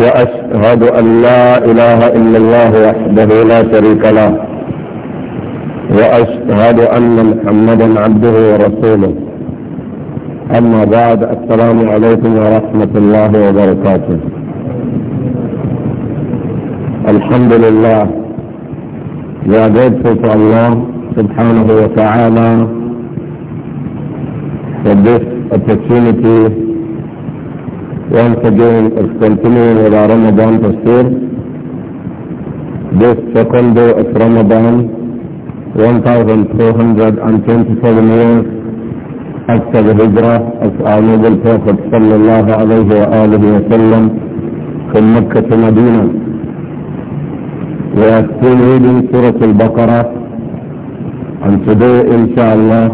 وأشهد أن لا إله إلا الله وحده لا شريك له وأشهد أن محمدا عبده ورسوله أما بعد السلام عليكم ورحمة الله وبركاته الحمد لله يا جدك الله سبحانه وتعالى for this opportunity Once again, it's continuing with our Ramadan Tafsir. This second day of Ramadan, 1427 years after the Hijrah of our noble Prophet sallallahu alayhi wa alihi wa sallam from Mecca to Medina. We are still reading Surah Al-Baqarah and today inshallah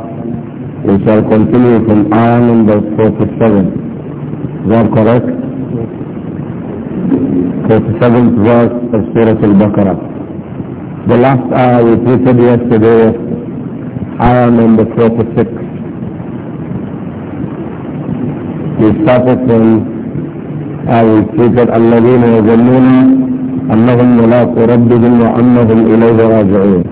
we shall continue from ayah number 47. that correct? 47th verse of Surah Al-Baqarah. The last ayah we treated yesterday was ayah number 46. We started from آية تلك الذين يظنون أنهم ملاقو ربهم وأنهم إليه راجعون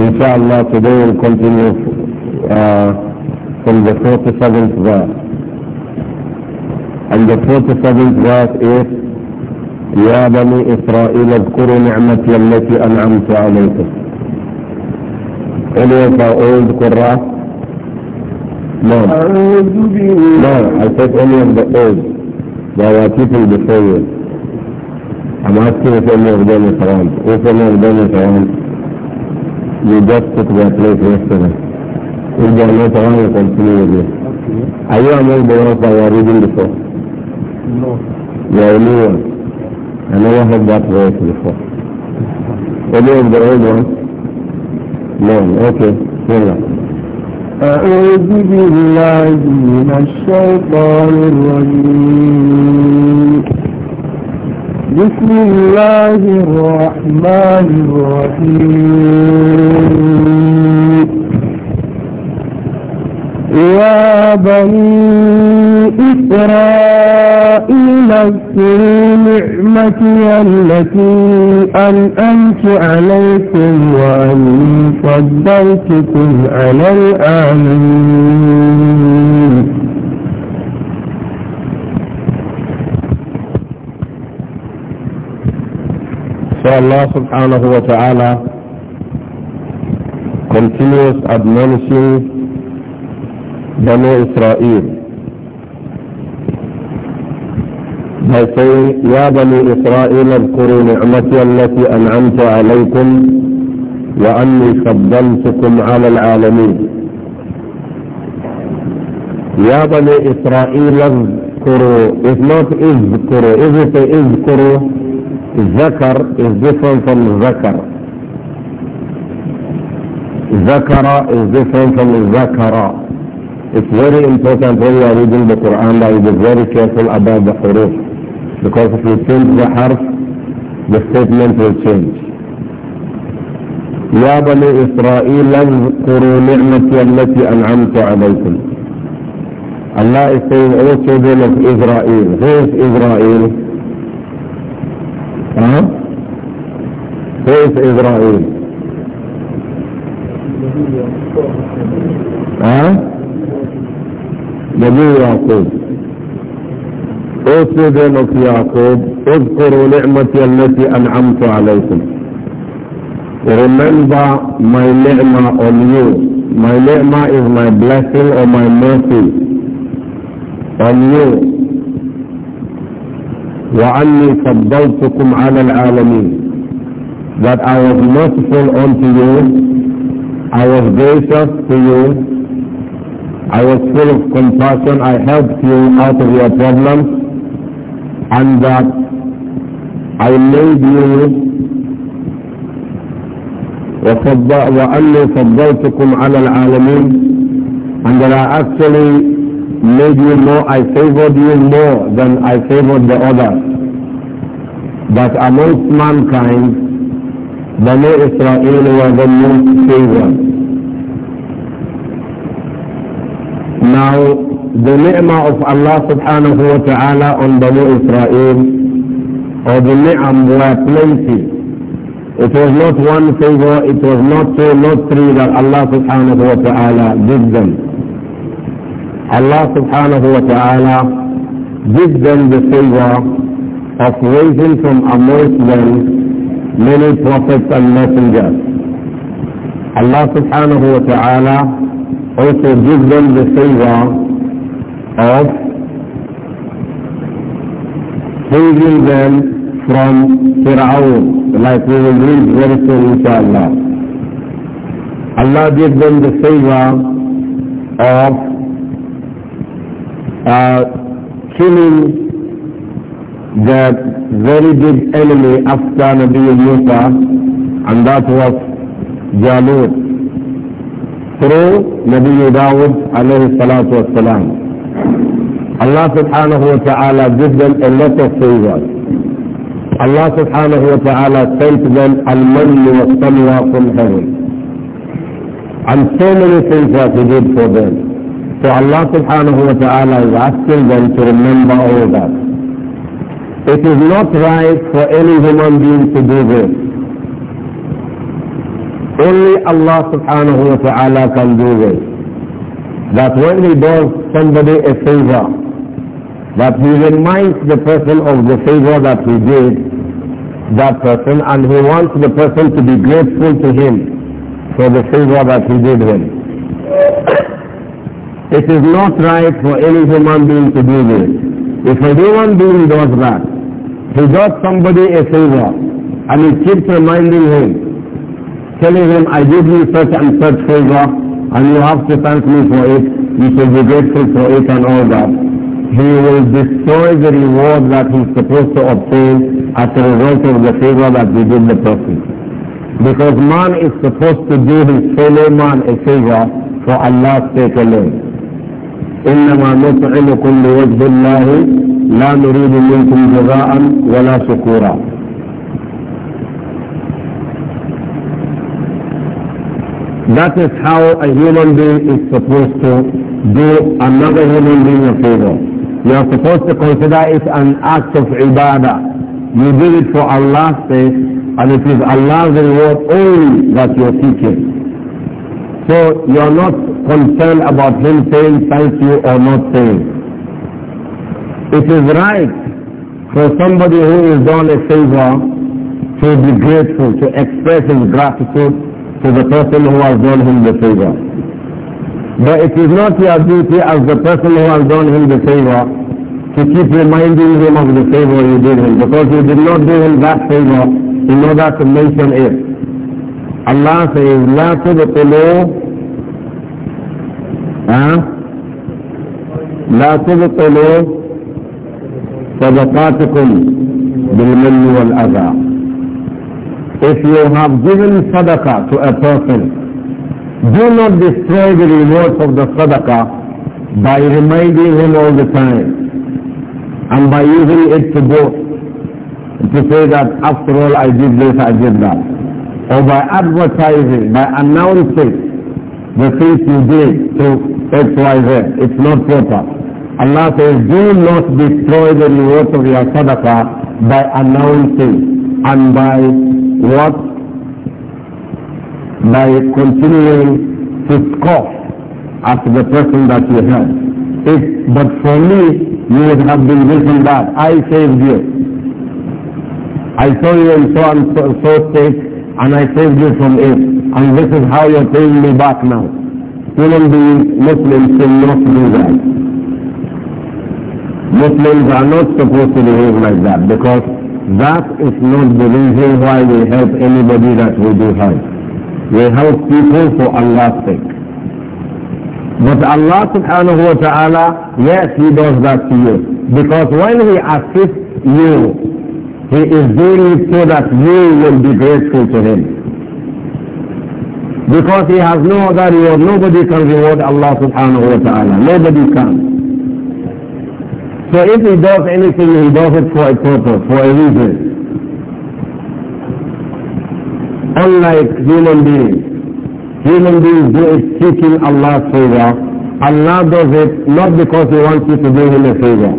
إن شاء الله today we'll continue uh, from the 47th verse And the 47th verse is يا بني إسرائيل اذكروا نعمتي التي أنعمت عليكم Any of our old Qur'an? No. No, I said any of the old. There were people before you. I'm asking if any of them is around. If any of them is around, you just took their place yesterday. If they are not around, you continue with you. Are you among the ones that were reading before? No. Yeah, new one. I never heard that voice before. Any of the old ones? No. Okay. Here أعوذ بالله من الشيطان الرجيم بسم الله الرحمن الرحيم يا بني إسرائيل اذكروا نعمتي التي أنأمت عليكم وأني فضلتكم على الآمين الله سبحانه وتعالى continuous admonishing بنو إسرائيل يا بني إسرائيل اذكروا نعمتي التي أنعمت عليكم وأني فضلتكم على العالمين يا بني إسرائيل اذكروا اذ not اذكروا اذ it اذكروا ذكر is different from ذكر ذكر is different from ذكر It's very important when you are reading the Quran that you be very careful about the huruf. Because if you change the harf, the statement will change. يا بني إسرائيل اذكروا نعمتي التي أنعمت عليكم Allah is saying, O children of Israel, who is Israel? Huh? Who is Israel? Huh? نبي يعقوب اوصي بينك يعقوب اذكروا نعمتي التي انعمت عليكم remember my ni'mah on you my ni'mah is my blessing or my mercy on you وأني فضلتكم على العالمين that I was merciful unto you I was gracious to you I was full of compassion. I helped you out of your problems and that I made you وأني فضلتكم على العالمين and that I actually made you more, I favored you more than I favored the others. But amongst mankind, Bani Israel were the most favored. Now, the ni'mah of Allah subhanahu wa ta'ala on Banu Israel, or the ni'am were plenty. It was not one favor, it was not two, not three that Allah subhanahu wa ta'ala did them. Allah subhanahu wa ta'ala did them the favor of raising from amongst them many prophets and messengers. Allah subhanahu wa ta'ala also give them the favor of saving them from Fir'aun, like we will read very soon inshallah. Allah give them the favor of uh, killing that very big enemy after Nabi Musa, and that was Jalut through the Nabi Dawud alayhi salatu wasalam. Allah subhanahu wa ta'ala did them a lot of favors. Allah subhanahu wa ta'ala sent them al-mann wa salwa from heaven. And so many things that he did for them. So Allah subhanahu wa ta'ala is asking them to remember all that. It is not right for any human being to do this. Only Allah subhanahu wa ta'ala can do this. That when he does somebody a favor, that he reminds the person of the favor that he did that person and he wants the person to be grateful to him for the favor that he did him. It is not right for any human being to do this. If a human being does that, he does somebody a favor and he keeps reminding him telling him, I give you such and such favor, and you have to thank me for it, you should be grateful for it and all that. He will destroy the reward that he's supposed to obtain as a result of the favor that we did the person. Because man is supposed to do his fellow man a favor for Allah's sake alone. إنما نطعمكم لوجه الله لا نريد منكم جزاء ولا شكورا That is how a human being is supposed to do another human being a favor. You are supposed to consider it an act of ibadah. You do it for Allah's sake, and it is Allah's reward only that you are seeking. So you are not concerned about him saying thank you or not saying. It is right for somebody who is done a favor to be grateful, to express his gratitude to the person who has done him the favor. But it is not your duty as the person who has done him the favor to keep reminding him of the favor you did him because you did not do him that favor in order to mention it. Allah says, لا تبطلوا ها لا تبطلوا صدقاتكم بالمن والأذى if you have given sadaqah to a person, do not destroy the rewards of the sadaqah by reminding him all the time and by using it to boast to say that after all I did this, I did that. Or by advertising, by announcing the things you did to XYZ. It's not proper. Allah says, do not destroy the rewards of your sadaqah by announcing and by what? By continuing to scoff at the person that you have? If, but for me, you would have been this that. I saved you. I saw you in so and so, so state and I saved you from it. And this is how you're paying me back now. Human beings, Muslims should not do that. Muslims are not supposed to behave like that because that is not the reason why we help anybody that we do help. We help people for Allah's sake. But Allah subhanahu wa ta'ala, yes, He does that to you. Because when He assists you, He is doing it so that you will be grateful to Him. Because He has no other reward. Nobody can reward Allah subhanahu wa ta'ala. Nobody can. So if he does anything, he does it for a purpose, for a reason. Unlike human beings, human beings do it seeking Allah's favor. Allah does it not because he wants you to do him a favor,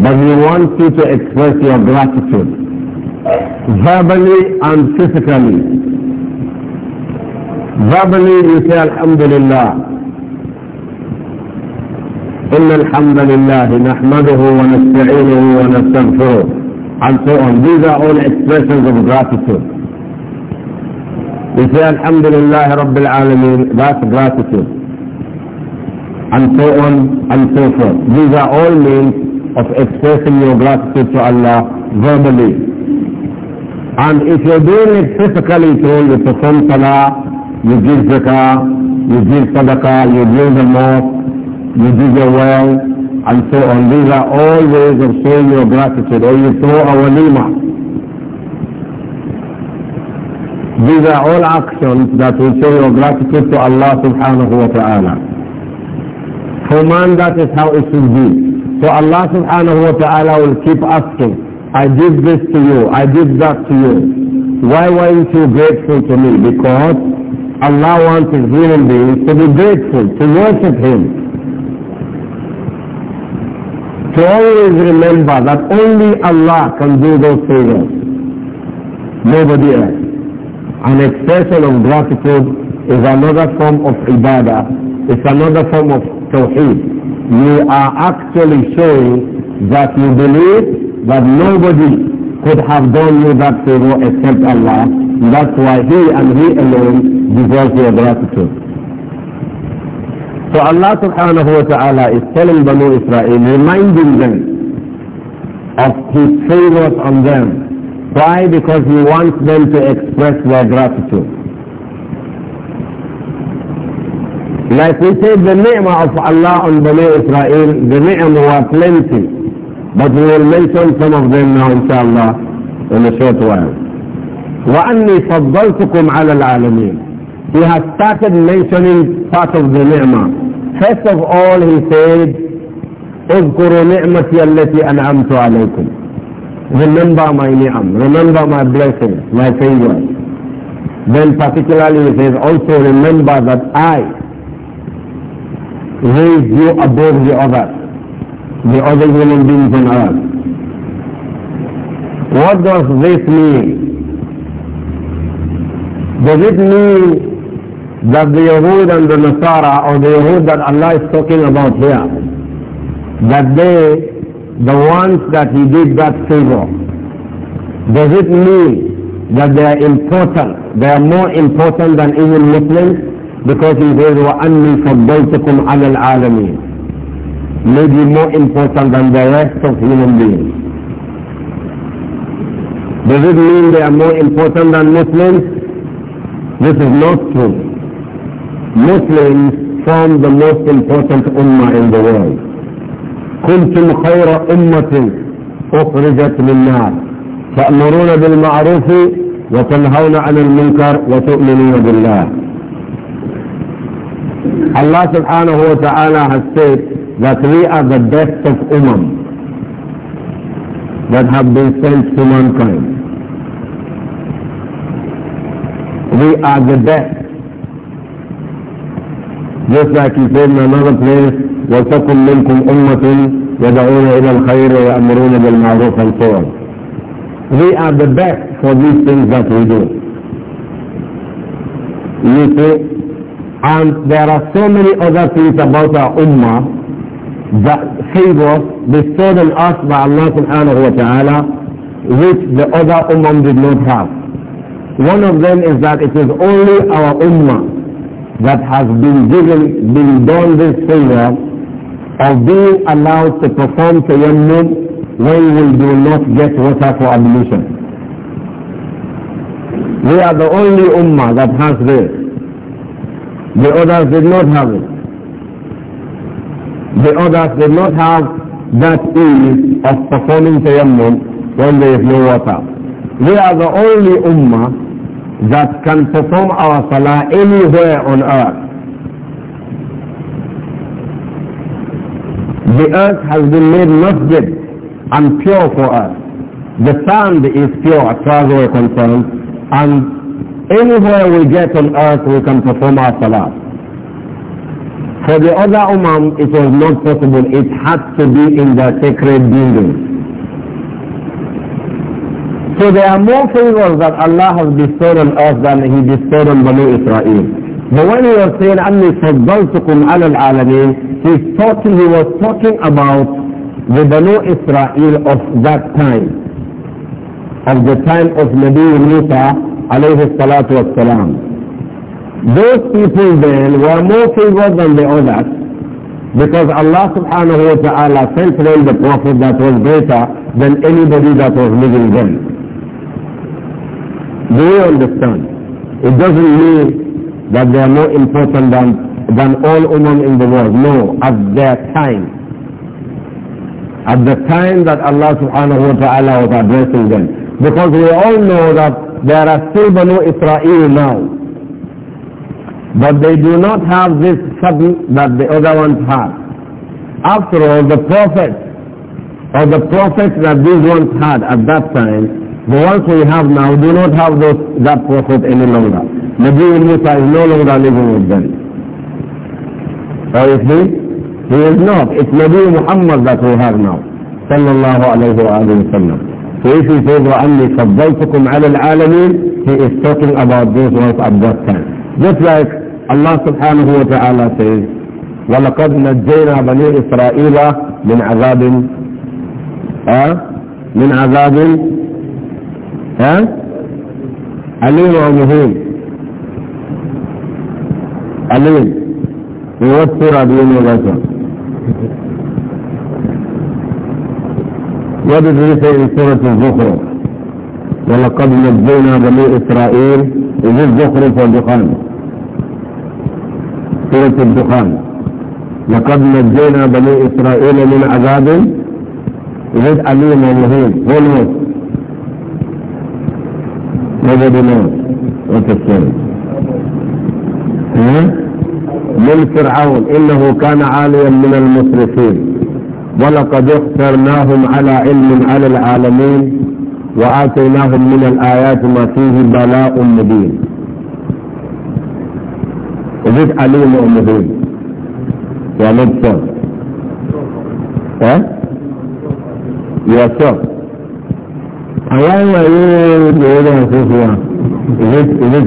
but he wants you to express your gratitude, verbally and physically. Verbally you say Alhamdulillah. إن الحمد لله نحمده ونستعينه ونستغفره and so on. These are all expressions of gratitude. We say Alhamdulillah Rabbil Alameen, that's gratitude. And so on and so forth. These are all means of expressing your gratitude to Allah verbally. And if you're doing it physically too, you perform salah, you give zakah, you give sadaqah, you give the mosque, you do your well, and so on. These are all ways of showing your gratitude, or you throw a walima. These are all actions that will show your gratitude to Allah subhanahu wa ta'ala. For man, that is how it should be. So Allah subhanahu wa ta'ala will keep asking, I did this to you, I did that to you. Why weren't you grateful to me? Because Allah wants human beings to be grateful, to worship Him to always remember that only Allah can do those favors. Nobody else. An expression of gratitude is another form of ibadah. It's another form of tawheed. You are actually showing that you believe that nobody could have done you that favor except Allah. That's why He and He alone deserves your gratitude. So Allah subhanahu wa ta'ala is telling Banu Israel, reminding them of His favors on them. Why? Because He wants them to express their gratitude. Like we said, the ni'mah of Allah on Banu Israel, the ni'mah were plenty. But we will mention some of them now inshallah in a short while. وأني فضلتكم على العالمين he has started mentioning part of the ni'mah. First of all, he said, اذكروا نعمتي التي أنعمت عليكم. Remember my ni'am, remember my blessing, my favor. Then particularly he says, also remember that I raised you above the others, the other human beings on earth. What does this mean? Does it mean that the Yahud and the Nasara or the Yahud that Allah is talking about here, that they, the ones that he did that favor, does it mean that they are important, they are more important than even Muslims? Because he says, وَأَنِّي فَضَّلْتُكُمْ عَلَى الْعَالَمِينَ Maybe more important than the rest of human beings. Does it mean they are more important than Muslims? This is not true. Muslims from the most important ummah in the world. كنتم خير أمة أخرجت للنار تأمرون بالمعروف وتنهون عن المنكر وتؤمنون بالله. Allah subhanahu wa ta'ala has said that we are the best of umam that have been sent to mankind. We are the best. Just like he said in another place, وَتَكُمْ مِنْكُمْ أُمَّةٌ يَدَعُونَ إِلَى الْخَيْرِ وَيَأْمُرُونَ بِالْمَعْرُوفِ and so on. We are the best for these things that we do. You see, and there are so many other things about our ummah that favors bestowed on us by Allah subhanahu wa ta'ala which the other ummah did not have. One of them is that it is only our ummah that has been given, been done this favor of being allowed to perform tayammum when we do not get water for ablution. We are the only ummah that has this. The others did not have it. The others did not have that ease of performing tayammum when there is no water. We are the only ummah that can perform our salah anywhere on earth. The earth has been made masjid and pure for us. The sand is pure as far as we're concerned and anywhere we get on earth we can perform our salah. For the other Ummah it was not possible. It had to be in the sacred buildings. So there are more favors that Allah has bestowed on us than He bestowed on Banu Israel. But when he was saying, أَنِّي فَضَّلْتُكُمْ عَلَى الْعَالَمِينَ He, talking, he was talking about the Banu Israel of that time, of the time of Nabi Musa alayhi salatu wasalam. Those people then were more favored than the others because Allah subhanahu wa ta'ala sent them the Prophet that was greater than anybody that was living then. They understand. It doesn't mean that they are more important than, than all women in the world. No, at their time. At the time that Allah subhanahu wa ta'ala was addressing them. Because we all know that there are still Banu Israel now. But they do not have this sudden that the other ones have. After all, the prophets, or the prophets that these ones had at that time, The ones we have now do not have those, that prophet any longer. Nabi Musa is no longer living with them. Are you see? He is not. It's Nabi Muhammad that we have now. صلى الله عليه وآله وسلم. So if he says, وَأَنِّي فَضَّلْتُكُمْ عَلَى الْعَالَمِينَ He is talking about those ones at that time. Just like Allah subhanahu wa ta'ala says, وَلَقَدْ نَجَّيْنَا بَنِي إِسْرَائِيلَ مِنْ عَذَابٍ آه؟ من عذاب ها عليم ومهيم عليم يوفر بين البشر وبذلك في سورة الزخرف ولقد نجينا بني إسرائيل إذ الزخرف والدخان سورة الدخان لقد نجينا بني إسرائيل من عذاب إذ أليم ومهين هو nobody knows what من فرعون إنه كان عاليا من المسرفين ولقد اخترناهم على علم على العالمين وآتيناهم من الآيات ما فيه بلاء مبين وجد عليم ومبين يا مبصر ها؟ يا شر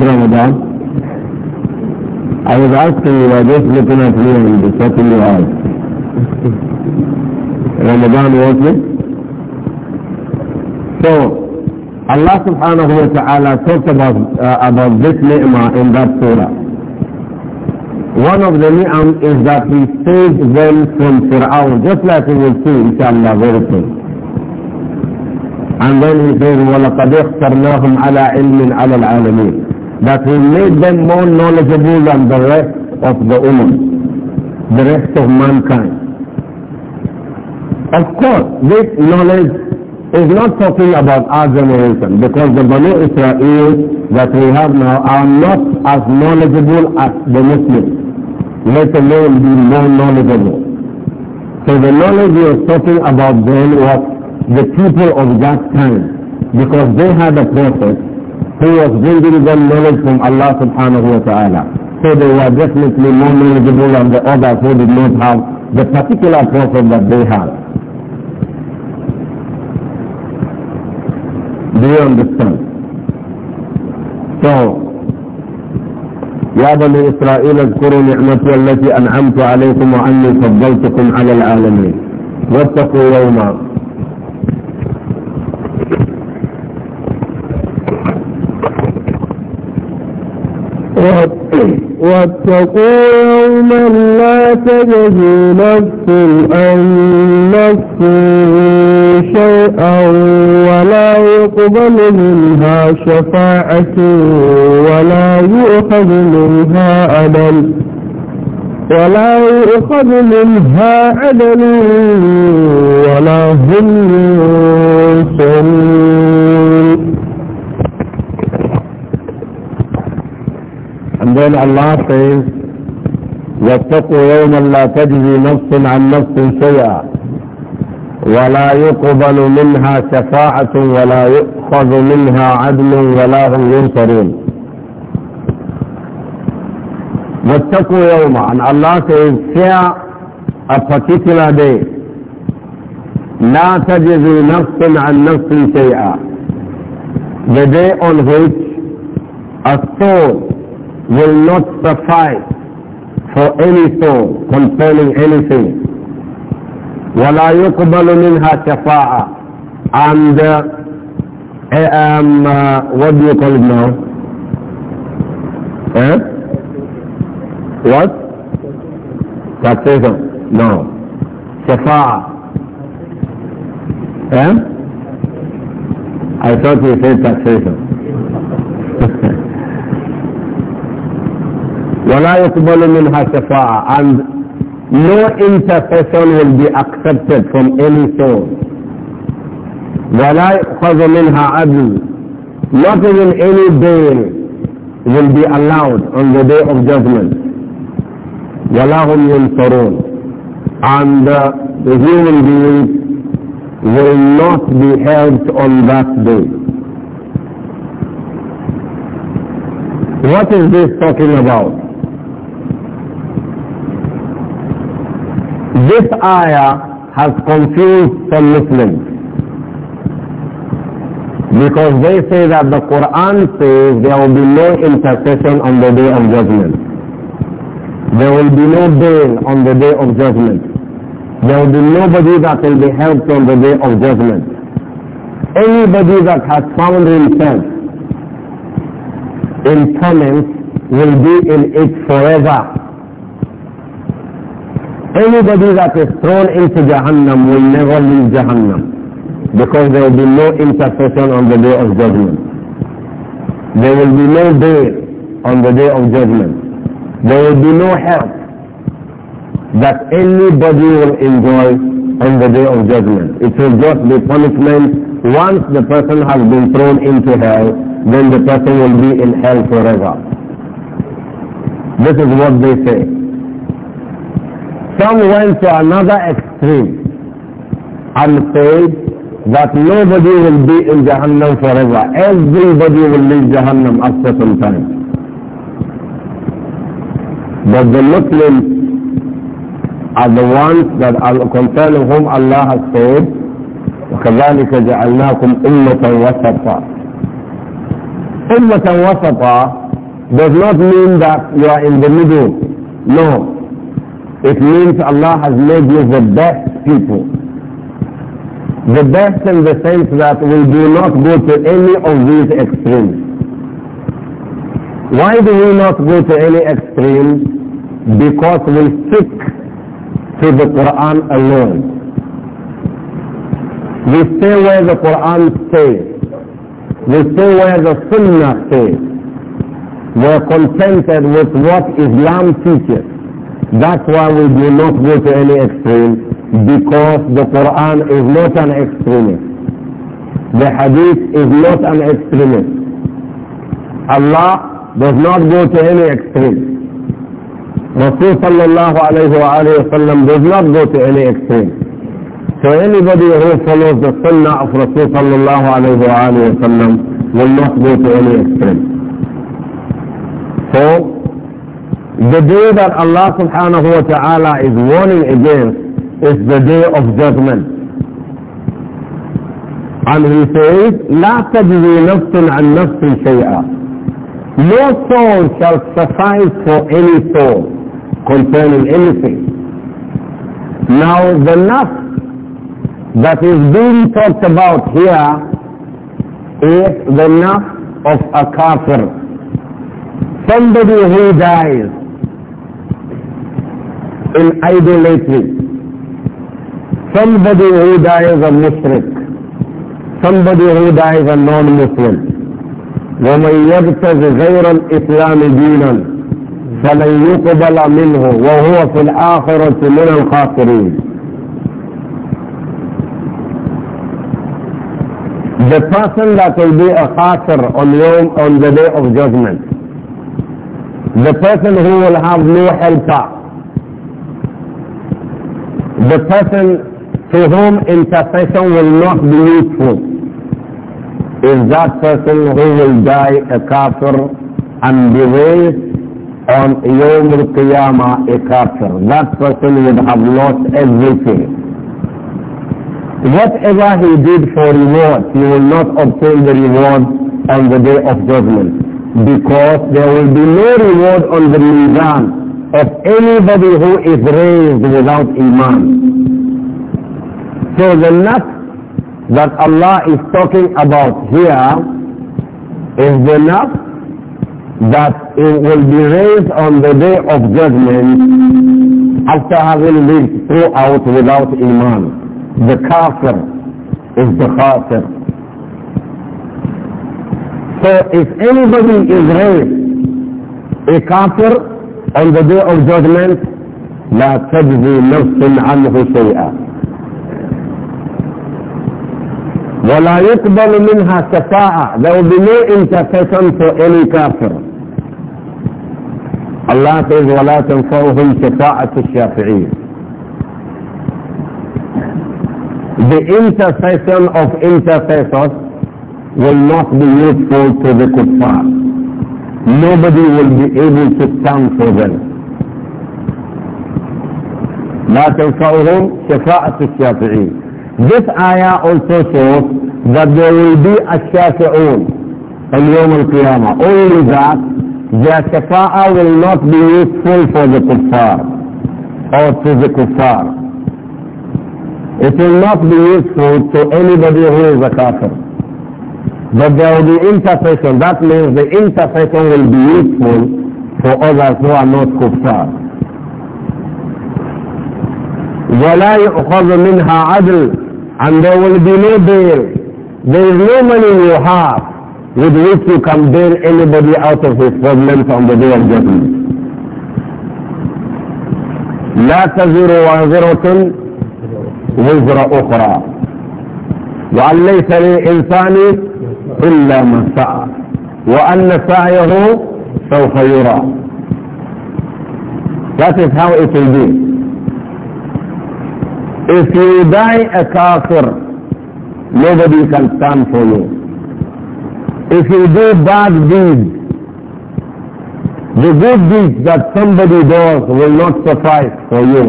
Ramadan? I was asking you, I just looking at you and checking you out. Ramadan was it? So, Allah subhanahu wa ta'ala talked about, uh, about this ni'mah in that surah. One of the ni'amah is that he saved them from Fir'aun, just like we will see, inshallah, very soon. And then he says, وَلَقَدْ اخْتَرْنَاهُمْ عَلَىٰ عِلْمٍ عَلَى الْعَالَمِينَ That he made them more knowledgeable than the rest of the ummah, the rest of mankind. Of course, this knowledge is not talking about our generation because the Bani Israel that we have now are not as knowledgeable as the Muslims, let alone be more knowledgeable. So the knowledge we are talking about then was the people of that time because they had a prophet who was bringing them knowledge from Allah subhanahu wa ta'ala. So they were definitely more knowledgeable than the others who did not have the particular prophet that they had. Do you understand? So, يا بني إسرائيل اذكروا نعمتي التي أنعمت عليكم وأني فضلتكم على العالمين واتقوا يوما واتقوا يوما لا تجزي نفس عن نفس شيئا ولا يقبل منها شفاعة ولا يؤخذ منها عدل ولا يؤخذ منها عدل ولا هم ينصرون And then Allah says, واتقوا يوما لا تجزي نفس عن نفس شيئا ولا يقبل منها شفاعة ولا يؤخذ منها عدل ولا هم ينصرون واتقوا يوما and Allah says fear a particular day لا تجزي نفس عن نفس شيئا the day on which a soul will not suffice for any soul concerning anything. وَلَا يُقْبَلُ مِنْهَا شَفَاعَةً And uh, eh, um, uh, what do you call it now? Eh? What? Taxation. No. Shafa'ah. Eh? I thought you said taxation. وَلَا يُقْبَلُ مِنْهَا شَفَاعَةً And no intercession will be accepted from any soul. وَلَا يُؤْخَذُ مِنْهَا عَدْلٌ Not even any bail will be allowed on the day of judgment. وَلَا هُمْ يُنْصَرُونَ And uh, the human beings will not be helped on that day. What is this talking about? This ayah has confused some Muslims because they say that the Quran says there will be no intercession on the day of judgment. There will be no bail on the day of judgment. There will be nobody that will be helped on the day of judgment. Anybody that has found himself in torment will be in it forever Anybody that is thrown into Jahannam will never leave Jahannam because there will be no intercession on the day of judgment. There will be no day on the day of judgment. There will be no help that anybody will enjoy on the day of judgment. It will just be punishment. Once the person has been thrown into hell, then the person will be in hell forever. This is what they say. Some went to another extreme and said that nobody will be in Jahannam forever. Everybody will leave Jahannam after some time. But the Muslims are the ones that are concerning whom Allah has said, وَكَذَلِكَ جَعَلْنَاكُمْ أُمَّةً وَسَطًا wa wasata does not mean that you are in the middle. No. It means Allah has made you the best people. The best in the sense that we do not go to any of these extremes. Why do we not go to any extremes? Because we stick to the Quran alone. We stay where the Quran says. We stay where the Sunnah says. We're contented with what Islam teaches. That's why we do not go to any extreme because the Quran is not an extremist. The Hadith is not an extremist. Allah does not go to any extreme. Rasul sallallahu alayhi wa does not go to any extreme. So anybody who follows the sunnah of Rasul sallallahu alayhi wa will not go to any extreme. So the day that Allah subhanahu wa ta'ala is warning against is the day of judgment. And he says, لا تجزي نفس عن نفس شيئا no soul shall suffice for any soul concerning anything. Now the nafs that is being talked about here is the nafs of a kafir. Somebody who dies in idolatry. Somebody who dies a mushrik. Somebody who dies a non-Muslim. ومن يبتغ غير الإسلام دينا فلن يقبل منه وهو في الآخرة من الخاسرين The person that will be a khasir on, on the day of judgment, the person who will have no helper, the person to whom intercession will not be useful is that person who will die a kafir and be raised on Yom qiyamah a kafir. That person would have lost everything. Whatever he did for reward, he will not obtain the reward on the day of judgment because there will be no reward on the Mizan of anybody who is raised without Iman. So the nut that Allah is talking about here is the nut that it will be raised on the day of judgment after having lived throughout without Iman. The kafir is the kafir. So if anybody is raised a kafir on the day of judgment لا تجزي نفس عنه شيئا ولا يقبل منها شفاعة there will be no intercession for any kafir الله says ولا تنفعهم شفاعة الشافعين the intercession of intercessors will not be useful to the kuffar nobody will be able to stand for them. This ayah also shows that there will be a shafi'un on Yom Al-Qiyamah. Only that their shafa'ah will not be useful for the kuffar or to the kuffar. It will not be useful to anybody who is a kafir. But there will be intercession. That means the intercession will be useful for others who are not kuffar. ولا يؤخذ منها عدل and there will be no bail. There is no money you have with which you can bail anybody out of his problems on the day of judgment. لا تزر وازرة وزر أخرى وأن ليس للإنسان إلا من سعى وأن سعيه سوف يرى That is how it will be. If you die a kafir, nobody can stand for you. If you do bad deeds, the good deeds that somebody does will not suffice for you.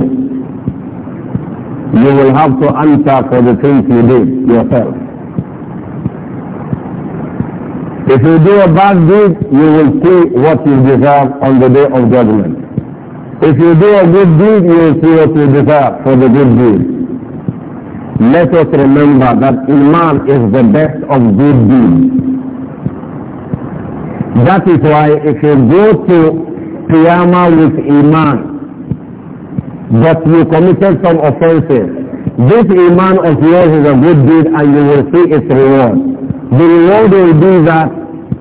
You will have to answer for the things you did yourself. If you do a bad deed, you will see what you deserve on the day of judgment. If you do a good deed, you will see what you deserve for the good deed. Let us remember that Iman is the best of good deeds. That is why if you go to piyama with Iman, but you committed some offenses, this Iman of yours is a good deed and you will see its reward. The reward will be that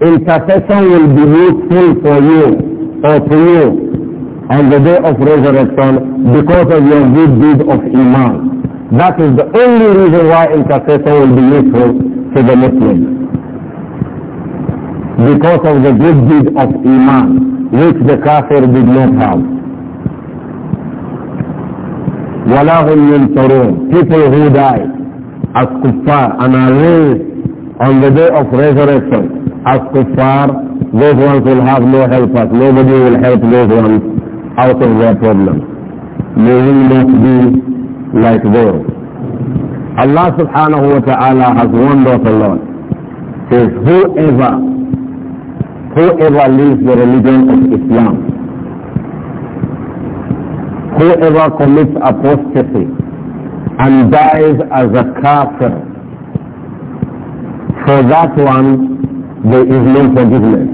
intercession will be useful for you or to you on the day of resurrection because of your good deed of Iman. That is the only reason why intercession will be useful to the Muslims because of the good deed of Iman, which the kafir did not have. وَلَهُمْ يُنْصَرُونَ People who die as kuffar and are raised on the day of resurrection as kuffar, those ones will have no helpers. Nobody will help those ones out of their problems. May we not be like those. Allah subhanahu wa ta'ala has warned us a lot. Says, whoever, whoever leaves the religion of Islam, whoever commits apostasy and dies as a kafir, for that one there is no forgiveness.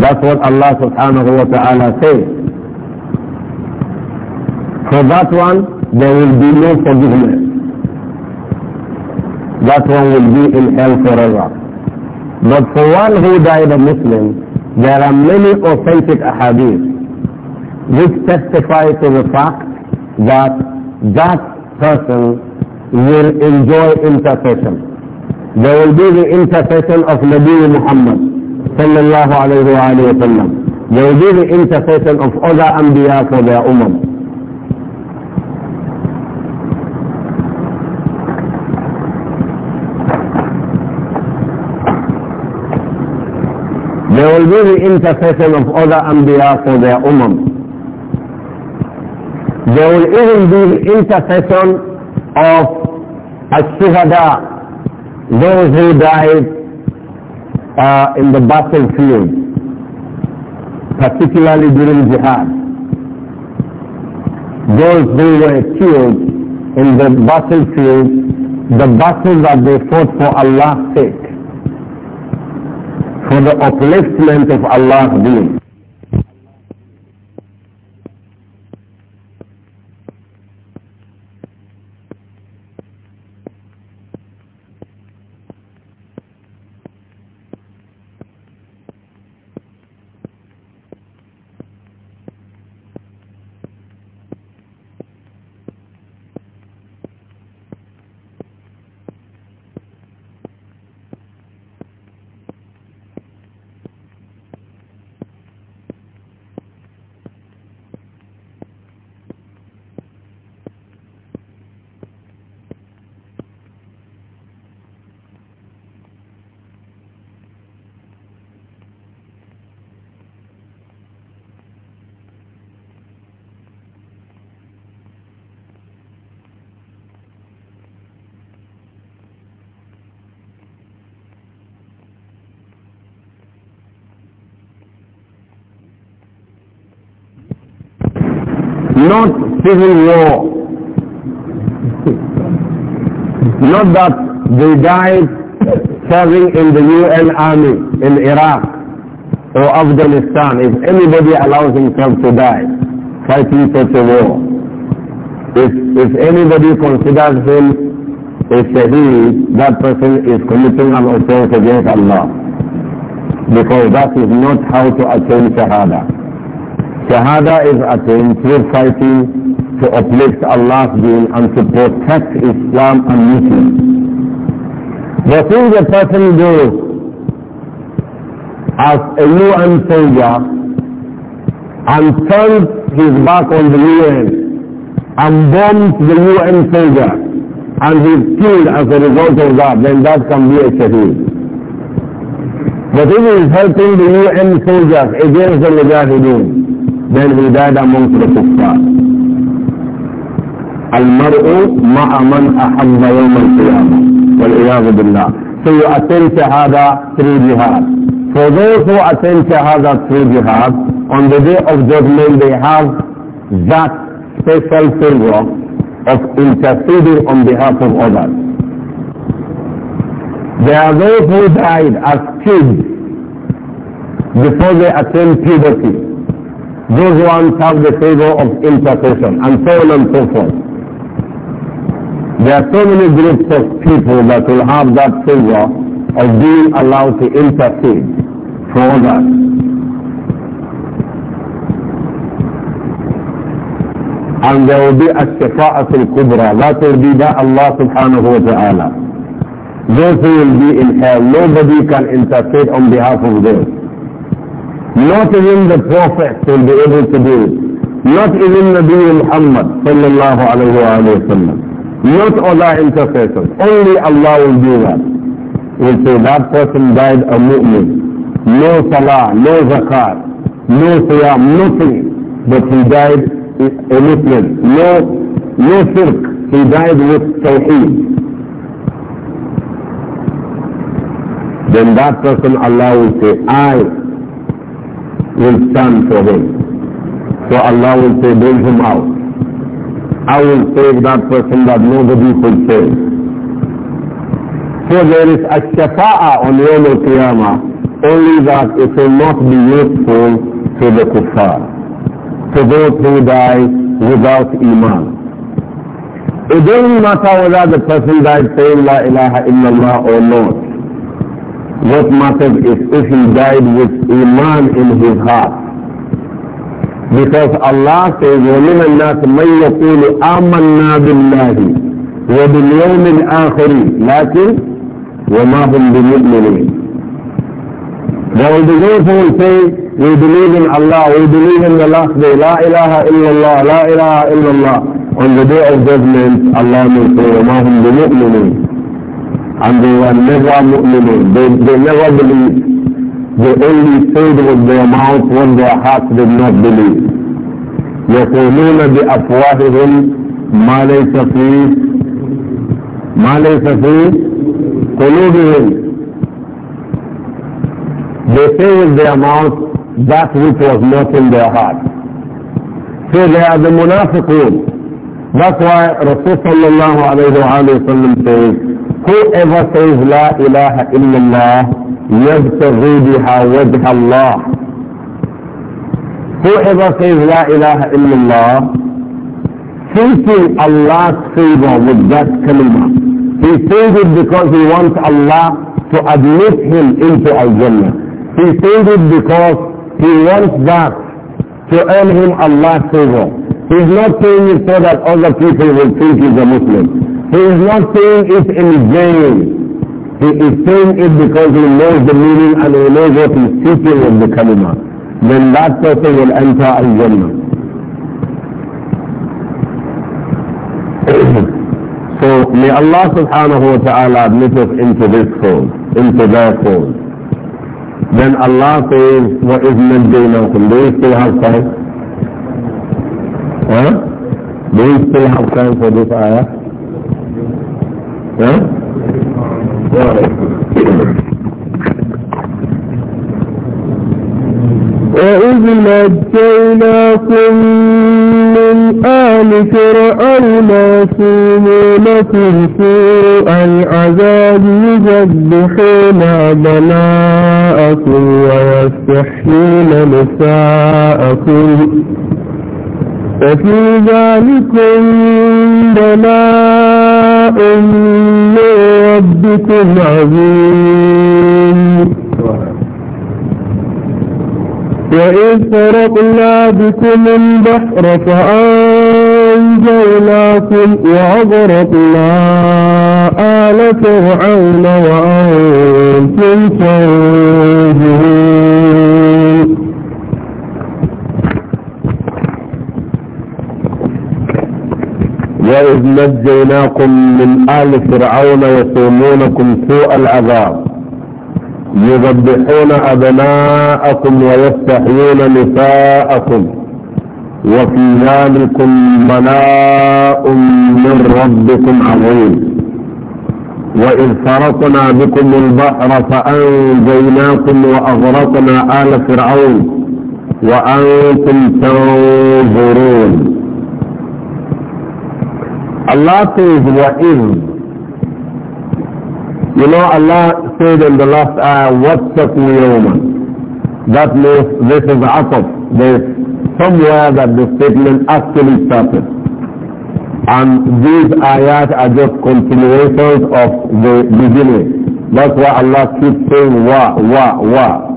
That's what Allah subhanahu wa ta'ala says. For that one there will be no forgiveness. That one will be in hell forever. But for one who died a Muslim, there are many authentic ahadith which testify to the fact that that person will enjoy intercession. There will be the intercession of Nabi Muhammad صلى الله عليه alayhi wa There will be the intercession of other Anbiya for their Ummah. There will be the intercession of other Anbiya for their Ummah. There will even be the intercession of As-Shuhada those who died uh, in the battlefield, particularly during jihad, those who were killed in the battlefield, the battle that they fought for Allah's sake, for the upliftment of Allah's deen. not civil war. not that they died serving in the UN army in Iraq or Afghanistan. If anybody allows himself to die fighting such a war, if, if anybody considers him a shaheed, that person is committing an offense against Allah. Because that is not how to attain shahada. Shahada is attained through fighting to uplift Allah's deen and to protect Islam and Muslims. The thing a person does as a UN soldier and turns his back on the UN and bombs the UN soldier and is killed as a result of that, then that can be a shaheed. But if he is helping the UN soldiers against the Mujahideen, then he died amongst the kuffar. المرء مع من أحب يوم القيامة والعياذ بالله. So you attend shahada through jihad. For those who attend shahada through jihad, on the day of judgment they have that special favor of interceding on behalf of others. There are those who died as kids before they attained puberty. Those ones have the favor of intercession and so on and so forth. There are so many groups of people that will have that favor of being allowed to intercede for others. And there will be a shafaat al-kubra. That will be by Allah subhanahu wa ta'ala. Those who will be in hell, nobody can intercede on behalf of those. Not even the prophet will be able to do it. Not even Nabi Muhammad sallallahu alayhi wa sallam. Not Allah intercessors. Only Allah will do that. Will say that person died a mu'min. No salah, no zakat, no siyam, nothing. But he died a Muslim. No, no shirk. He died with tawheed. Then that person Allah will say, I will stand for him. So Allah will say, bring him out. I will save that person that nobody could save. So there is a shafa'a on Yom Qiyamah, only that it will not be useful to the kuffar, to those who die without iman. It doesn't matter whether the person died saying La ilaha illallah or not. What matters is if he died with Iman in his heart. Because Allah says, وَمِنَ النَّاسِ مَنْ يَقُولُ آمَنَّا بِاللَّهِ وَبِالْيَوْمِ الْآخِرِ لكن وَمَا هُمْ بِمُؤْمِنِينَ There will be those who will say, we believe in Allah, we believe in the last day, la ilaha illallah, la ilaha illallah. On the day of judgment, Allah will say, وَمَا هُمْ بِمُؤْمِنِينَ and they were never mu'minin. They, they never believed. They only said with their mouth when their hearts did not believe. يقولون بأفواههم ما ليس في ما ليس في قلوبهم They say with their mouth that which was not in their heart. So they are the munafiqun. That's why Rasul sallallahu alayhi wa وسلم says, whoever says La ilaha illallah يبتغي بها وجه الله whoever says La ilaha illallah seeking Allah's favor with that kalima he says it because he wants Allah to admit him into Al-Jannah he says it because he wants that to earn him Allah's favor he's not saying it so that other people will think he's a Muslim he is not saying it in vain. He is saying it because he knows the meaning and he knows what is seeking in the kalima. Then that person will enter al-jannah. so may Allah subhanahu wa ta'ala admit us into this fold, into their fold. Then Allah says, what is Najjaynakum? Do we still have time? Huh? Do we still have time for this ayah? وإذ نجيناكم من آل فرعون يسومون لكم سوء العذاب يذبحون أبناءكم ويستحيون نساءكم وفي ذلكم بلاء من ربكم عظيم وإذ فرقنا بكم البحر فأنزلناكم وأغرقنا آل فرعون وعلى نجيناكم من آل فرعون يصومونكم سوء العذاب يذبحون أبناءكم ويستحيون نساءكم وفي ذلكم بلاء من ربكم عظيم وإذ فرقنا بكم البحر فأنجيناكم وأغرقنا آل فرعون وأنتم تنظرون Allah says, وَإِذْ you know, Allah said in the last ayah, وَاتَّقُوا يَوْمًا That means this is Aqab. There's somewhere that the statement actually started. And these ayat are just continuations of the beginning. That's why Allah keeps saying, wa, wa, wa.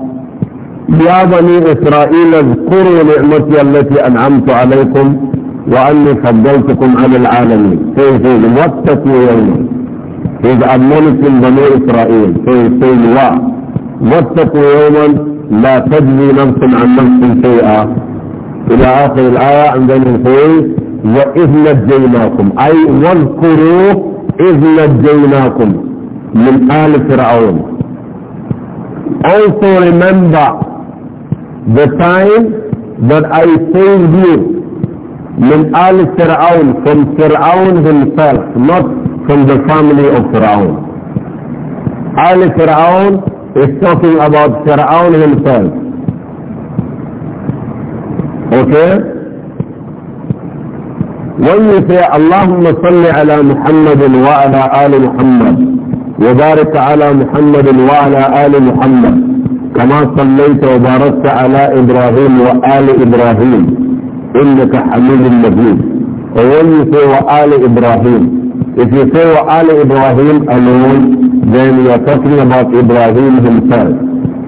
يا بني إسرائيل اذكروا نعمتي التي أنعمت عليكم وأني فضلتكم على العالمين في في الوقت واتقوا He's admonishing Banu Israel, saying, في what? واتقوا يوما لا تجني نفس عن نفس شيئا إلى آخر الآية عندنا نقول وإذ نجيناكم أي واذكروا إذ نجيناكم من آل فرعون Also remember the time that I saved you من آل فرعون from فرعون himself not from the family of فرعون آل فرعون is talking about فرعون himself okay when you say اللهم صل على محمد وعلى آل محمد وبارك على محمد وعلى آل محمد كما صليت وباركت على إبراهيم وآل إبراهيم انك حميد مجيد قول سوى آل إبراهيم إذا سوى آل إبراهيم ألون بين يتصنبات إبراهيم همثال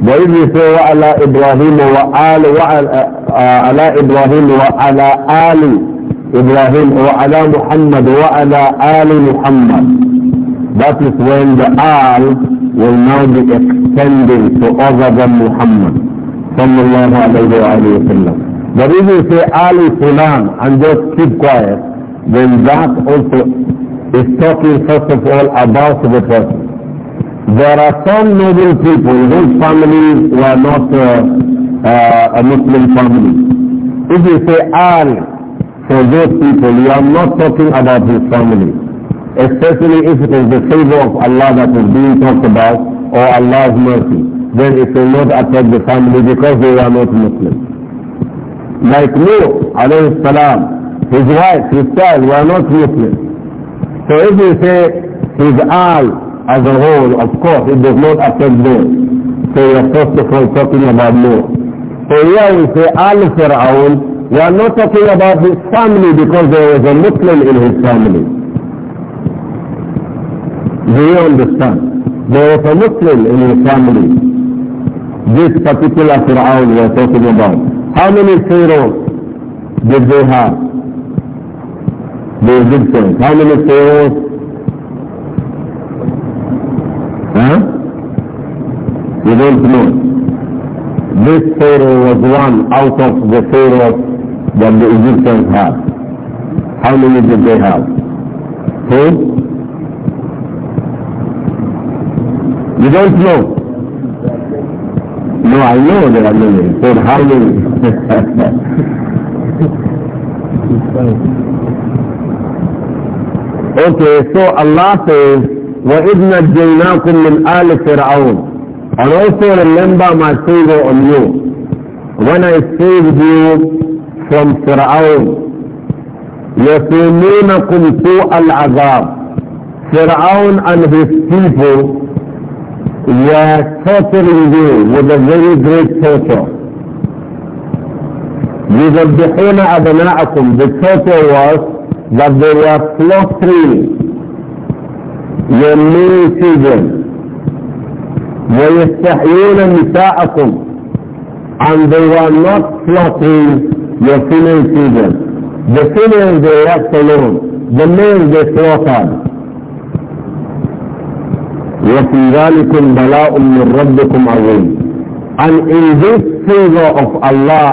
وإذا سوى على إبراهيم وآل وعلى آه، على إبراهيم وعلى آل إبراهيم وعلى محمد وعلى آل محمد That is when the آل will now be extended to other than Muhammad صلى الله عليه وآله وسلم But if you say Ali Fulan and just keep quiet, then that also is talking first of all about the person. There are some noble people whose families were not uh, uh, a Muslim family. If you say Ali for those people, you are not talking about his family, especially if it is the favor of Allah that is being talked about or Allah's mercy. Then it will not affect the family because they are not Muslim. Like Nuh, alayhi salam, his wife, his child were not Muslims. So if we say his all as a whole, of course it does not affect them. So we are first of all talking about Nuh. So here we say al Fir'aun, we are not talking about his family because there was a Muslim in his family. Do you understand? There was a Muslim in his family. This particular Fir'aun we are talking about. How many pharaohs did they have? The Egyptians. How many pharaohs? Huh? You don't know. This pharaoh was one out of the pharaohs that the Egyptians had. How many did they have? Who? You don't know. No, I know that I'm living. But how you... okay, so Allah says, وَإِذْ نَجَّيْنَاكُمْ مِنْ آلِ فِرْعَوْنَ And also remember my favor on you. When I saved you from Fir'aun, يَسُومُونَكُمْ سُوءَ الْعَذَابِ Fir'aun and his people we are torturing you with a very great torture. يذبحون أبناءكم The torture was that they were slaughtering your male children ويستحيون نساءكم and they were not slaughtering your female children. The females they left alone. The males they slaughtered. وفي ذلك بلاء من ربكم عظيم and in this favor of Allah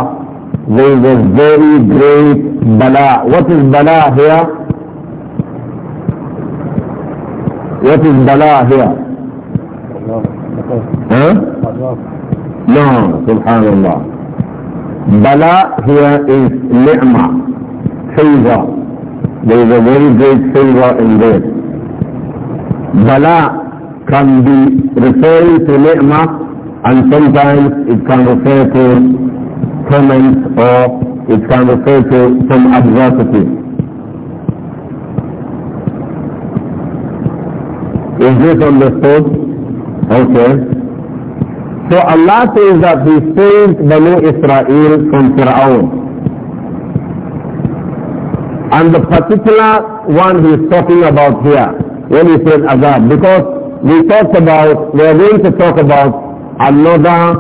there is a very great بلاء what is بلاء here what is بلاء here لا no subhanallah بلاء here is ni'mah favor there is a very great favor in this بلاء can be referring to ni'mah and sometimes it can refer to torment or it can refer to some adversity. Is this understood? Okay. So Allah says that He saved Banu Israel from Fir'aun. And the particular one He is talking about here, when He says Azab, because we talked about, we are going to talk about another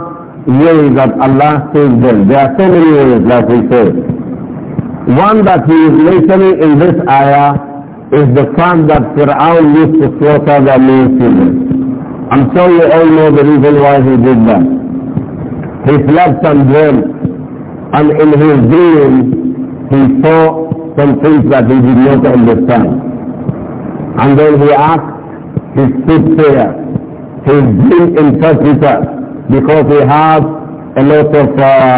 way that Allah saved them. There are so many ways that we say. One that he is mentioning in this ayah is the fact that Fir'aun used to slaughter their male children. I'm sure you all know the reason why he did that. He slept and dream, and in his dream he saw some things that he did not understand. And then he asked his food there, his dream interpreter, because he has a lot of, uh,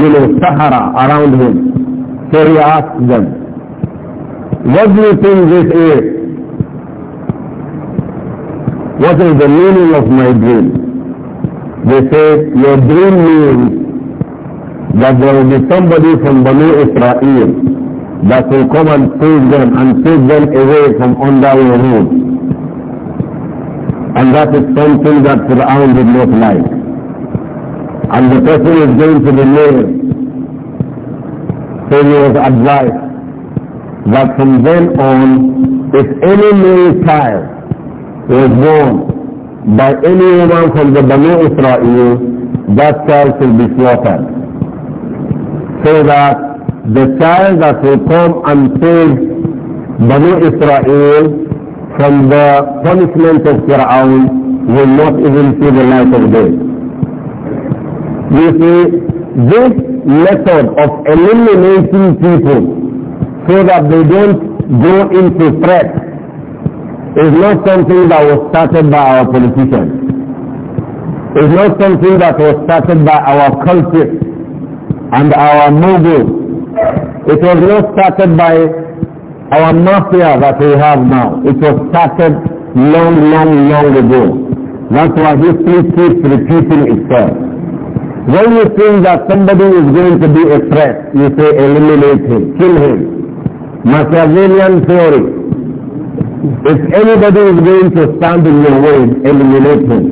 you know, Sahara around him. So he asked them, what do you think this is? What is the meaning of my dream? They say, your dream means that there will be somebody from Banu Israel that will come and save them and take them away from under your rule. And that is something that Fir'aun did not like. And the person is going to the mayor, So he was advised that from then on, if any male child was born by any woman from the Banu Israel, that child should be slaughtered. So that the child that will come and save Banu Israel from the punishment of Fir'aun will not even see the light of day. You see, this method of eliminating people so that they don't go into threat is not something that was started by our politicians. It's not something that was started by our culture and our moguls. It was not started by our mafia that we have now, it was started long, long, long ago. That's why history keeps repeating itself. When you think that somebody is going to be threat, you say eliminate him, kill him. Machiavellian theory. If anybody is going to stand in your way, eliminate him.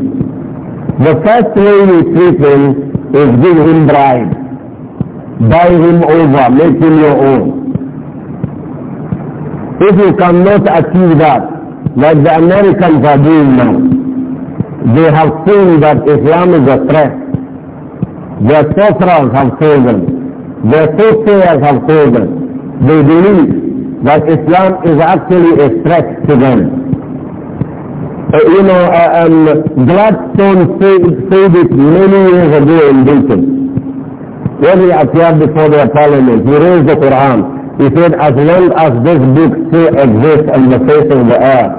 The first way you treat him is give him bribe. Buy him over, make him your own. If you cannot achieve that, like the Americans are doing now, they have seen that Islam is a threat. Their sorcerers have told them. Their soothsayers have told them. They believe that Islam is actually a threat to them. Uh, you know, uh, um, Gladstone said, said it many years ago in Britain. When he appeared before their parliament, he raised the Quran he said, as long as this book still exists on the face of the earth,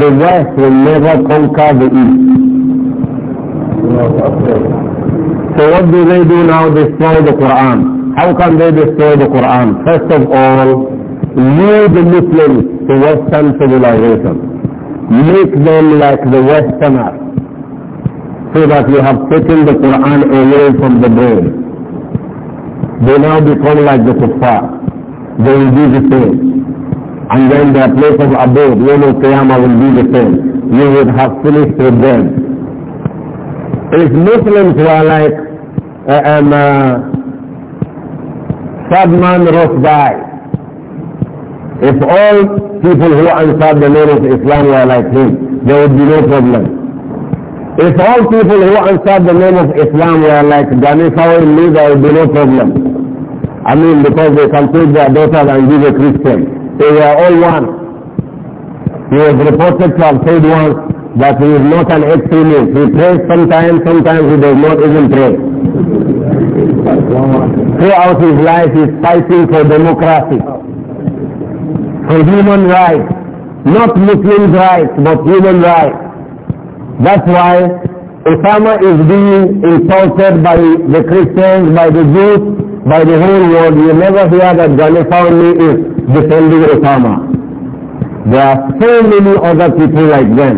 the West will never conquer the East. So what do they do now? Destroy the Quran. How can they destroy the Quran? First of all, lead the Muslims to Western civilization. Make them like the Westerners so that you have taken the Quran away from the brain. They now become like the kuffar they will be the same. And then their place of abode, Yom Qiyamah will be the same. You would have finished with them. If Muslims were like uh, um, uh, Salman if all people who answered the name of Islam were like him, there would be no problem. If all people who answered the name of Islam were like and me, there would be no problem. I mean, because they can take their daughter and give a Christian. They were all one. He was reported to have said once that he is not an extremist. He prays sometimes, sometimes he does not even pray. Throughout his life he's fighting for democracy, for human rights, not Muslim rights, but human rights. That's why Osama is being insulted by the Christians, by the Jews, by the whole world, you never hear that Ghanifoundly is defending Osama. There are so many other people like them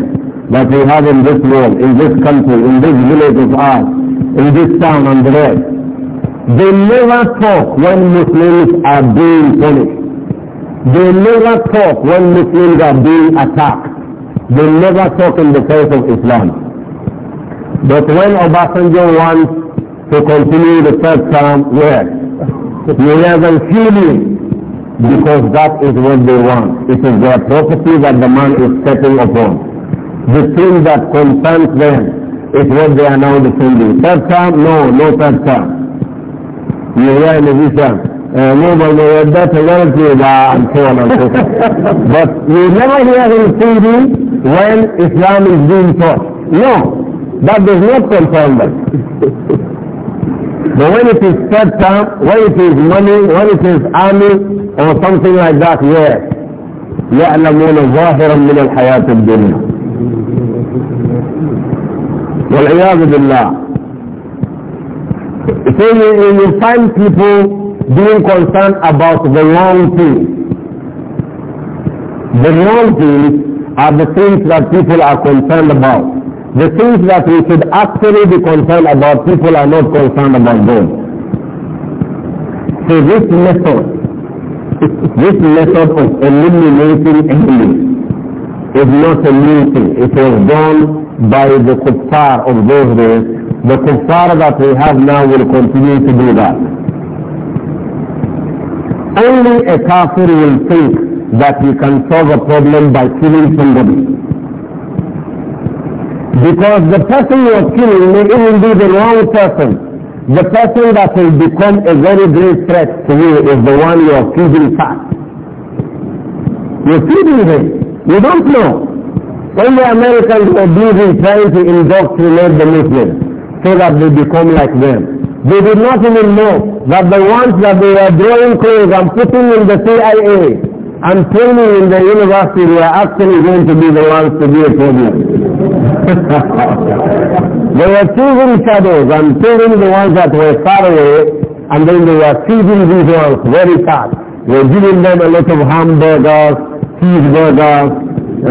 that we have in this world, in this country, in this village of ours, in this town and the rest. They never talk when Muslims are being punished. They never talk when Muslims are being attacked. They never talk in the face of Islam. But when Obasanjo wants to continue the third term where you hear them fuming because that is what they want. It is their property that the man is stepping upon. The thing that concerns them is what they are now defending. Third term? No, no third term. You hear in the Islam, uh, no, but they were better relative uh, and so on and so forth. but you never hear him singing when Islam is being taught. No, that does not concern them. But when it is third term, when it is money, when it is army, or something like that, yes. يعلمون ظاهرا من الحياة الدنيا والعياذ بالله So you, you find people being concerned about the wrong things. The wrong things are the things that people are concerned about. The things that we should actually be concerned about, people are not concerned about those. So this method, this method of eliminating enemies is not a new thing. It was done by the kuffar of those days. The kuffar that we have now will continue to do that. Only a kafir will think that he can solve a problem by killing somebody. Because the person you are killing may even be the wrong person. The person that will become a very great threat to you is the one you are feeding fast. You're feeding him. You don't know. Only Americans were busy trying to indoctrinate the Muslims so that they become like them. They did not even know that the ones that they were drawing close and putting in the CIA I'm telling you, in the university we are actually going to be the ones to be a problem. they were choosing shadows and choosing the ones that were far away and then they were feeding these ones very fast. They were giving them a lot of hamburgers, cheeseburgers,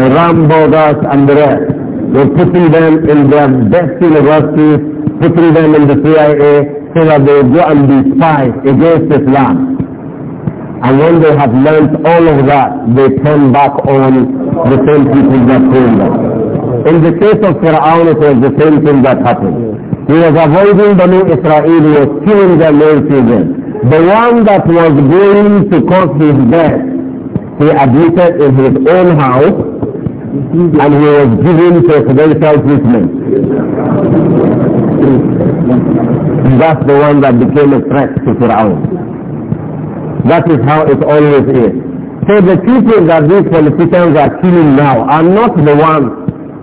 uh, ram burgers and the rest. They were putting them in their best universities, putting them in the CIA so that they would go and be spies against Islam. And when they have learnt all of that, they turn back on the same people that told them. In the case of Fir'aun, it was the same thing that happened. He was avoiding Banu Israel, he was killing their male children. The one that was going to cause his death, he admitted in his own house, and he was given presidential treatment. That's the one that became a threat to Fir'aun. That is how it always is. So the people that these politicians are killing now are not the ones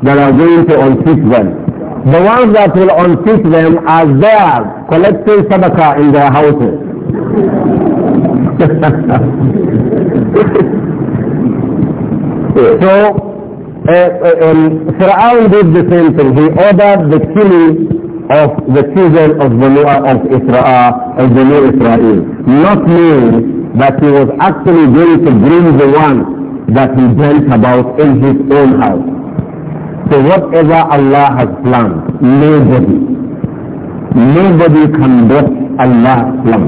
that are going to unseat them. The ones that will unseat them are there collecting sadaqah in their houses. so, uh, uh, um, Fir'aun did the same thing. He ordered the killing of the children of Banu of Israel, of Banu Israel, not knowing that he was actually going to bring the one that he dreamt about in his own house. So whatever Allah has planned, nobody, nobody can block Allah's plan.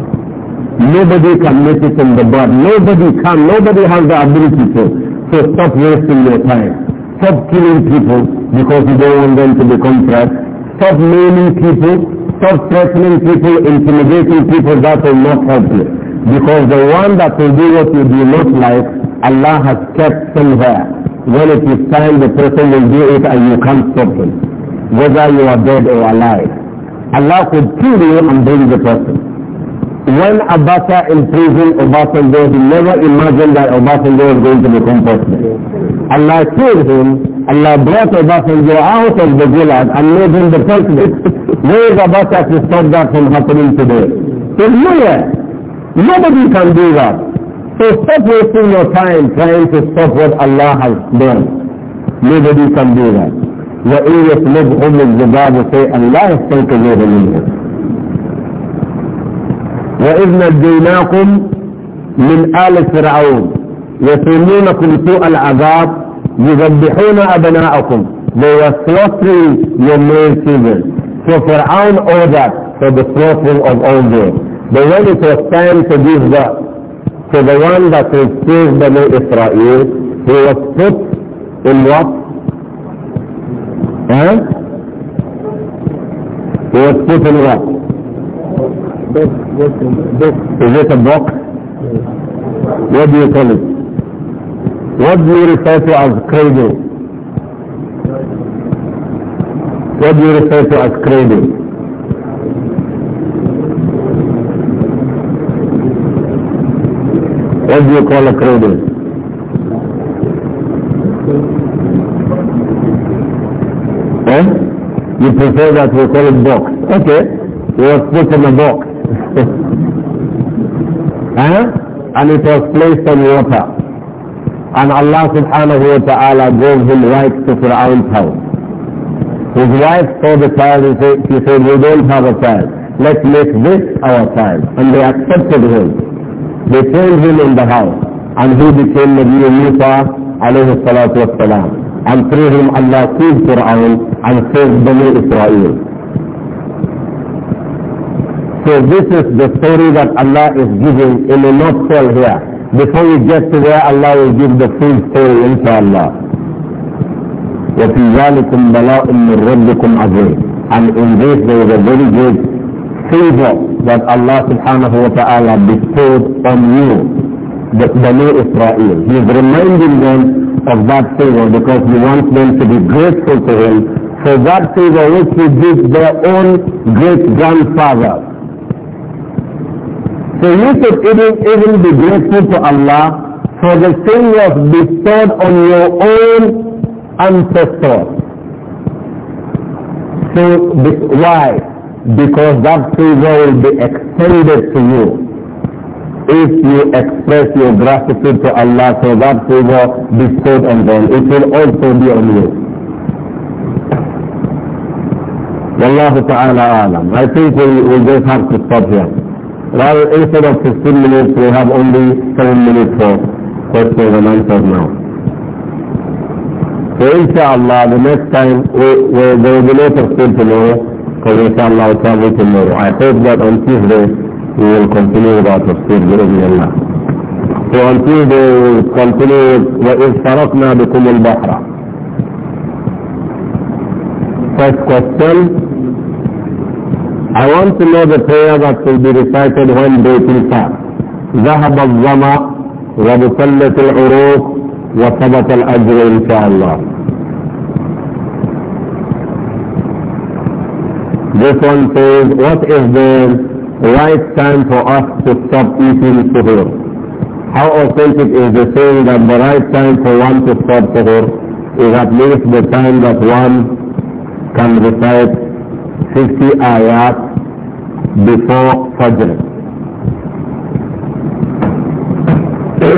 Nobody can make it in the bud. Nobody can. Nobody has the ability to. So stop wasting your time. Stop killing people because you don't want them to become trapped Stop naming people, stop threatening people, intimidating people. That will not help you. Because the one that will do what you do not like, Allah has kept somewhere. When it is time, the person will do it and you can't stop him. Whether you are dead or alive. Allah could kill you and bring the person when Abbasah imprisoned Obasanjo, he never imagined that Obasanjo was going to become president. Allah killed him, Allah brought Obasanjo out of the gulag and made him the president. Where is Abbasah to stop that from happening today? So nowhere. Nobody can do that. So stop wasting your time trying to stop what Allah has done. Nobody can do that. وإن يسلبهم الذباب شيئا لا يستنقذوه منه وإذ نجيناكم من آل فرعون يسومونكم سوء العذاب يذبحون أبناءكم they were slaughtering your male children so Fir'aun ordered for the slaughtering of all them but when it was time to give birth to the one that will save Bani Israel he was put in what? Huh? He was put in what? Box. Is it a box? Yes. What do you call it? What do you refer to as cradle? What do you refer to as cradle? What do you call a cradle? Eh? You prefer that we call it box. Okay. we was put in a box eh? And it was placed on water. And Allah subhanahu wa ta'ala gave him right to Fir'aun's house. His wife saw the child and said, she said, we don't have a child. Let's make this our child. And they accepted him. They trained him in the house. And he became Nabi Musa alayhi salatu salam. And through him Allah saved Fir'aun and saved Bani Israel. So this is the story that Allah is giving in a nutshell here. Before we get to there, Allah will give the full story, inshallah. وَفِي ذَلِكُمْ بَلَاءٌ مِّن رَبِّكُمْ عَظِيمٌ And in this there is a very great favor that Allah subhanahu wa ta'ala bestowed on you, the Bani Israel. He is reminding them of that favor because he wants them to be grateful to him for that favor which he did their own great-grandfather. So you should even, even be grateful to Allah for the thing was bestowed on your own ancestors. So why? Because that favor will be extended to you if you express your gratitude to Allah for that favor bestowed on them. It will also be on you. والله تعالى أعلم I think we, we just have to stop here Rather, instead of 15 minutes, we have only 7 minutes for questions and answers now. So inshallah, the next time, we, we, there will be no question tomorrow, because inshallah we'll travel tomorrow. I hope that on Tuesday, we will continue with our tafsir, bi'idhnillah. So on Tuesday, we will continue with وَإِذْ فَرَقْنَا بِكُمُ الْبَحْرَ First question, I want to know the prayer that will be recited when breaking fast. ذهب الظما وبطلت العروق وثبت الأجر إن شاء الله. This one says, what is the right time for us to stop eating suhoor? How authentic is the saying that the right time for one to stop suhoor is at least the time that one can recite 50 ayat before Fajr.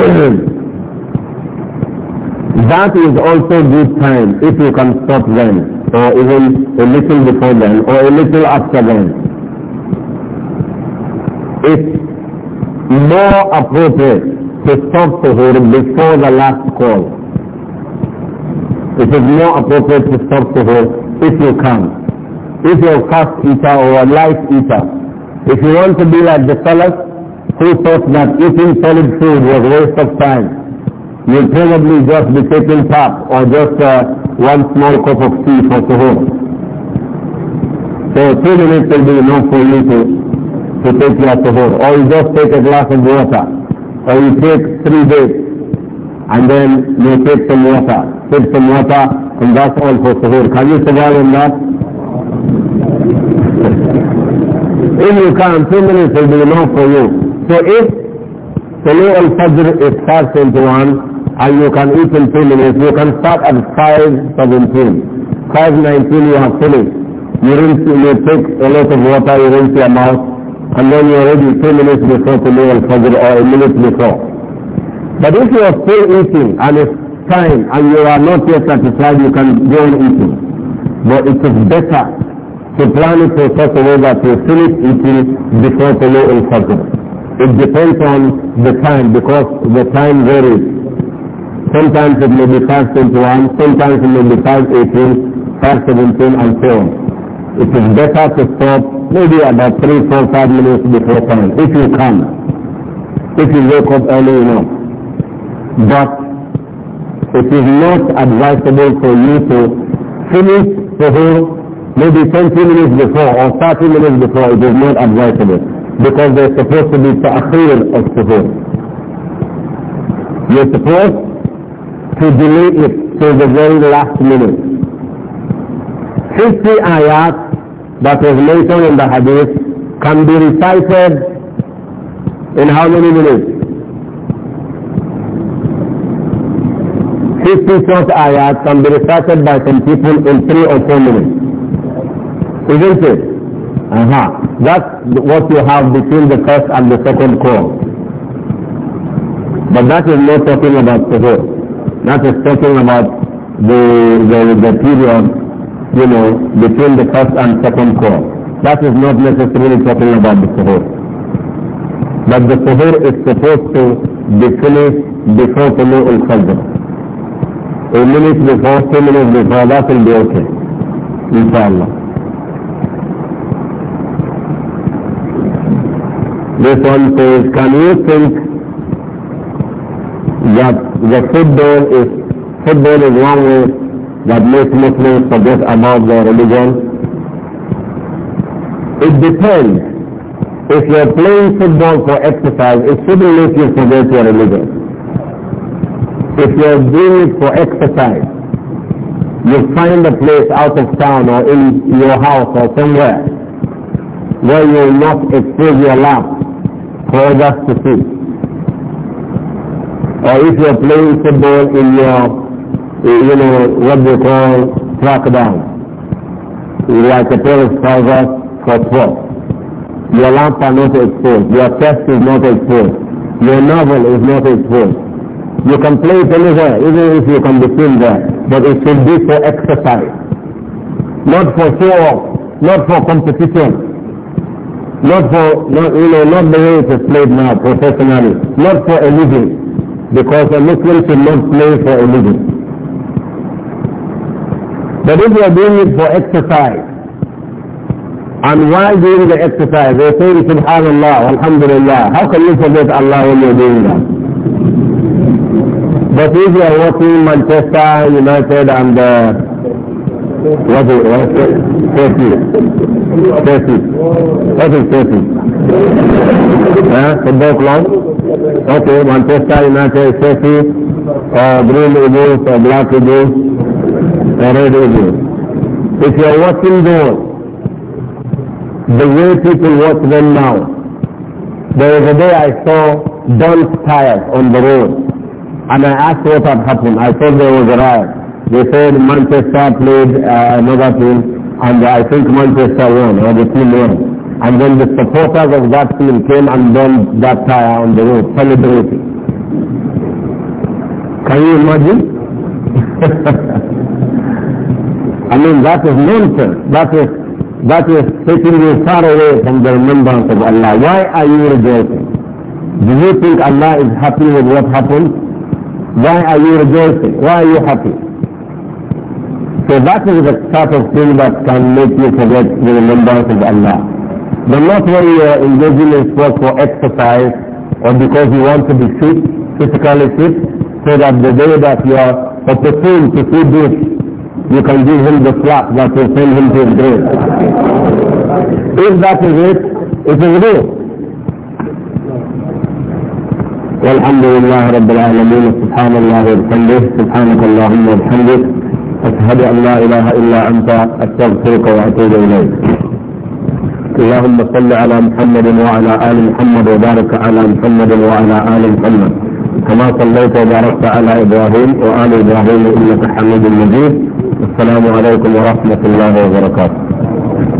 that is also good time if you can stop them or even a little before them or a little after them. It's more appropriate to stop suhoor before the last call. It is more appropriate to stop suhoor if you can if you're a fast eater or a light eater, if you want to be like the Salaf who thought that eating solid food was waste of time, you'll probably just be taking part or just uh, one small cup of tea for suhoor. So two minutes will be enough for you to, to take your suhoor. Or you just take a glass of water. Or you take three dates and then you take some water. Take some water and that's all for suhoor. Can you survive on that? If you can, two minutes will be enough for you. So if Salah al-Fajr is 5.21 and you can eat in two minutes, you can start at 5.17. 5.19 you have finished. You rinse, you take a lot of water, you rinse your mouth, and then you're ready two minutes before Salah al-Fajr or a minute before. But if you are still eating and it's time and you are not yet satisfied, you can go on eating. But it is better to plan it for such a way that you finish eating before law al Fajr. It depends on the time because the time varies. Sometimes it may be past 521, sometimes it may be past 517 and so on. It is better to stop maybe about 3, 4, 5 minutes before time, if you can. If you wake up early enough. But it is not advisable for you to finish for maybe 20 minutes before or 30 minutes before it is not advisable because there is supposed to be taakhir of suhoor. You're supposed to delay it till the very last minute. 50 ayat that was mentioned in the hadith can be recited in how many minutes? 50 short ayat can be recited by some people in 3 or 4 minutes. Isn't it? Uh-huh. That's what you have between the first and the second call. But that is not talking about the whole. That is talking about the, the, the period, you know, between the first and second call. That is not necessarily talking about the suhoor. But the suhoor is supposed to be finished before the al-Fajr a minute before, two minutes before, that will be okay. Inshallah. This one says, can you think that the football is, football is one way that makes Muslims forget about their religion? It depends. If you're playing football for exercise, it shouldn't make you forget your religion if you're doing it for exercise, you find a place out of town or in your house or somewhere where you will not expose your lap for others to see. Or if you're playing football in your, eh, you know, what they call track down, like a pair of trousers for sport, Your lamp are not exposed. Your chest is not exposed. Your novel is not exposed. You can play it anywhere, even if you can be seen there. But it should be for exercise. Not for show off. Not for competition. Not for, not, you know, not the way it is played now professionally. Not for a living. Because a Muslim should not play for a living. But if you are doing it for exercise, and while doing the exercise, they say, Subhanallah, Alhamdulillah, how can you forget Allah when you're doing that? But if you are watching Manchester United and uh, what is what is Chelsea, Chelsea, what is Chelsea? huh? Football club. Okay, Manchester United, Chelsea, uh, green eagles, or uh, black eagles, or uh, red eagles. If you are watching those, the way people watch them now, there was a day I saw Don Tyre on the road and I asked what had happened. I thought there was a riot. They said Manchester played uh, another team and I think Manchester won or the team won. And then the supporters of that team came and burned that tire on the road, celebrating. Can you imagine? I mean, that is nonsense. That is, that is taking you far away from the remembrance of Allah. Why are you rejoicing? Do you think Allah is happy with what happened? Why are you rejoicing? Why are you happy? So that is the type of thing that can make you forget the remembrance of Allah. But not when you are engaging in sport for exercise or because you want to be fit, physically fit, so that the day that you are opportune to do this, you can give him the slap that will send him to his grave. If that is it, it is real. والحمد لله رب العالمين سبحان الله وبحمده سبحانك اللهم وبحمدك أشهد أن لا إله إلا أنت أستغفرك وأتوب إليك اللهم صل على محمد وعلى آل محمد وبارك على محمد وعلى آل محمد كما صليت وباركت على إبراهيم وآل إبراهيم إنك حميد مجيد السلام عليكم ورحمة الله وبركاته